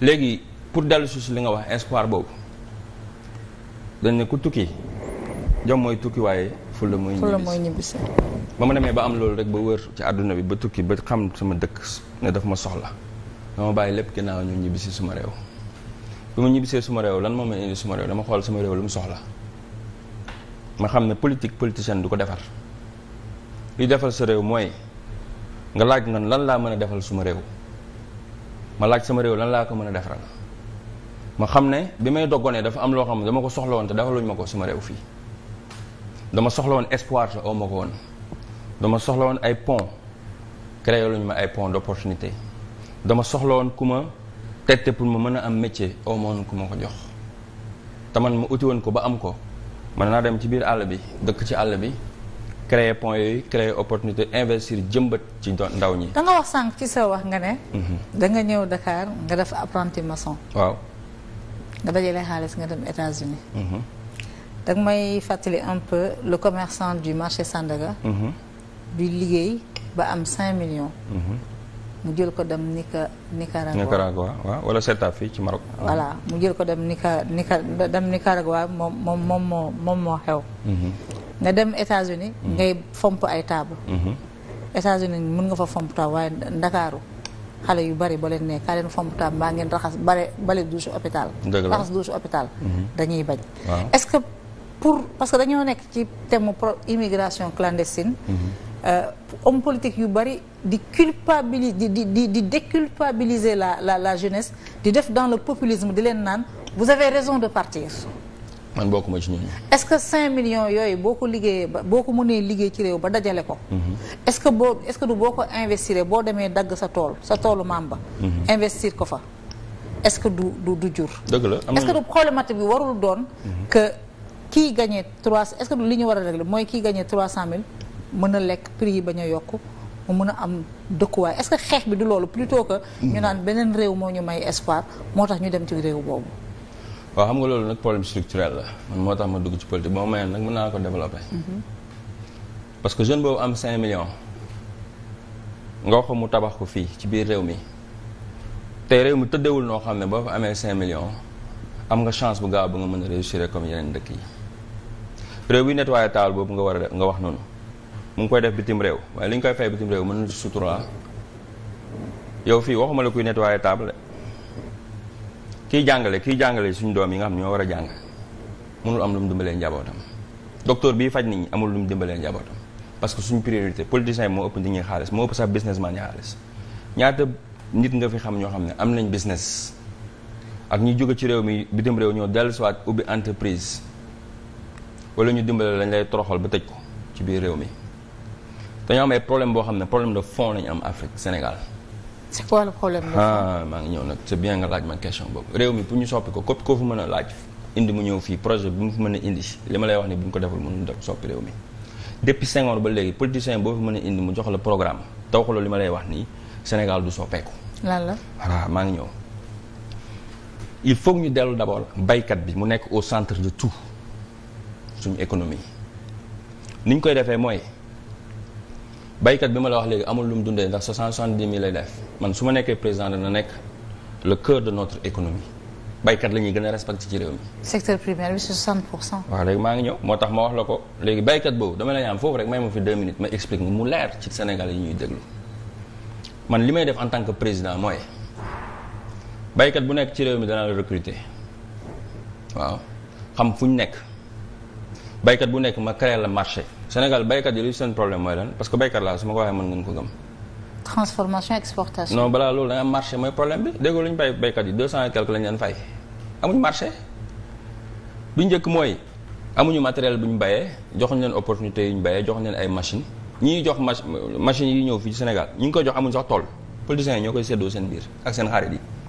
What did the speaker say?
léegi pour dellu si li nga wax espoir boobu dañ ne ku tukki jom mooy tukki waaye fulla mooy ñibbisi ba ma demee ba am loolu rek ba wër ci àdduna bi ba tukki ba xam sama dëkk ne daf ma soxla dama bàyyi lépp ginnaaw ñu ñibbisi suma réew bi ma ñibbisee suma réew lan moo ma indi suma réew dama xool sama réew lu mu soxla ma xam ne politique politicienne du ko defar li defal sa réew mooy nga laaj man lan laa mën a defal suma réew ma laaj sama réew lan laa ko mën a defaral ma xam ne bi may doggonee dafa am loo xam ne dama ko soxla woon te defaluñ ma ko sama réew fii dama soxla woon espoir te aw ma ko woon dama soxla woon ay pont créé luñ ma ay pont d'opportunité dama soxla woon ku ma tette pour ma mën a am métier aw ma woon ku ma ko jox te man ma uti woon ko ba am ko mën naa dem ci biir àll bi dëkk ci àll bi créer point yooyu créer opportunité investir jëmbat ci ndaw ñi. da wax sànq ci sa wax nga ne. Mhm. danga nga ñëw Dakar nga def apprenti maçon. waaw. nga dajale xaalis nga dem États-Unis mhm. da nga fàttali un peu le commerçant du marché Sandaga. Mhm. bi liggéey ba am 5 millions. mu jël ko dem Nica Nicaragua Nicaragua waaw wala Setaaf fii ci Maroc. voilà mu jël ko dem Nica Nica dem Nicaragua moom moom moom moo moom moo xew. nga dem États-Unis mm-hmm. ngay fomp ay taabu. Mm-hmm. États-Unis mën nga fa fomp taabu waaye ndakaaru xale yu bari ba leen ne kaa leen fomp taabu mbaa ngeen raxas bare bale douche hôpital raxas douche hôpital mm-hmm. dañuy bañ est-ce que pour parce que dañoo nekk ci thème pro immigration clandestine euh, homme politique yu bari di culpabiliser di di di di déculpabiliser la la la jeunesse di def dans le populisme di leen naan vous avez raison de partir man bokkuma ci ñooñu. est-ce que 5 millions yooyu boo ko liggéeyee ba boo ko mënee liggéey ci réew ba dajale ko. Mhm. est-ce que boo est-ce que du boo ko investir boo demee dagg sa tool sa toolu maam ba. Mhm. investir ko fa est-ce que du du du jur. dëgg la est-ce que du problématique bi warul doon. Mhm. que kii gagné 3 est-ce que li ñu war a régler mooy kii gagné 300000 mën a lekk prix yi bañ a yokk mu mën a am dëkkuwaay est-ce que xeex bi du loolu plutôt que. ñu naan beneen réew moo ñu may espoir moo tax ñu dem ci réew boobu. waaw xam nga loolu nag problème structurel la moo tax ma dugg ci politique ba ma mayoon nag mën naa ko développé. Mhm. parce que jeune boobu am 5 millions. nga wax mu tabax ko fii ci biir réew mi te réew mi tëddewul noo xam ne boo fa amee 5 millions am nga chance bu gaaw ba nga mën a réussir comme yeneen ndëkk yi. réew bi nettoyé taal boobu nga war a nga wax noonu mu ngi koy def bitim réew waaye li ñu koy fay bitim réew mën na sutura yow fii waxuma la kuy nettoyé table kiy jàngale kiy jàngale suñu doom yi nga xam ñoo war a jàng mënul am lu mu dimbalee njabootam docteur bii faj nit ñi amul lu mu dimbalee njabootam parce que suñu priorité politicien yi moo ëpp nit ñi xaalis moo ëpp sax businessman yi xaalis ñaata nit nga fi xam ñoo xam ne am nañ business ak ñi jóge ci réew mi bitim réew ñoo dellusiwaat ubbi entreprise wala ñu dimbale lañ lay toroxal ba tëj ko ci biir réew mi dañoo am problème boo xam ne problème de fond lañu am Afrique Sénégal c'est quoi le ah, maa ngi ñëw nag c'est bien nga laaj ma question boobu réew mi pour ñu soppi ko képp koo fi mën a laaj indi mu ñëw fii projet bi mu fi mën a indi li ma lay wax ne bu ñu ko deful mënuñu def soppi réew mi depuis cinq ans ba léegi politicien mën a indi mu jox la programme taw ko li ma wax nii Sénégal du soppeeku. lan la voilà maa ngi ñëw. il faut ñu dellu d'abord baykat bi mu nekk au centre de tout suñu économie niñ koy defee mooy. baykat bi ma la wax léegi amul lu mu dundee ndax soixante soixante dix mille lay def man su ma nekkee président dana nekk le cœur de notre économie baykat la ñuy gën a respecté ci réew mi. secteur primaire bi c'est waaw léegi maa ngi ñëw moo tax ma wax la ko léegi baykat boobu dama la ñaan foofu rek may ma fi deux minutes ma explique mu leer ci Sénégal yi ñuy déglu man li may def en tant que président mooy baykat bu nekk ci réew mi dana la recruter waaw xam fu ñu nekk. baykat bu nekk ma créer la marché Sénégal baykat yi lu seen problème mooy lan parce que baykat laa su ma ko waxee mën ngeen ko gëm. transformation balaa loolu da nga am marché mooy problème bi déggoo lu ñu fay baykat yi deux cent et quelque lañ leen fay amuñu marché bu njëkk mooy amuñu matériel bu ñu bayee joxuñu leen opportunité yu ñu bayee joxuñu leen ay machine ñi ñuy jox machine yi ñëw fii ci Sénégal ñu ngi koy jox amuñu sax tool politiciens yi ñoo koy séddoo seen biir ak seen xarit yi.